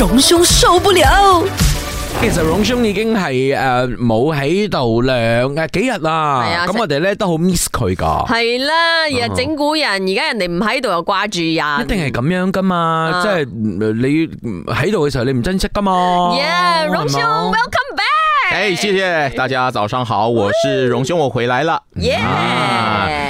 榮兄受不了，其實榮兄已經係誒冇喺度兩誒幾日啦，咁我哋咧都好 miss 佢噶，係啦，而係整蠱人，而家人哋唔喺度又掛住人，一定係咁樣噶嘛，即係你喺度嘅時候你唔珍惜噶嘛，yeah，榮兄 welcome back，誒，謝謝大家，早上好，我是榮兄，我回來啦，yeah。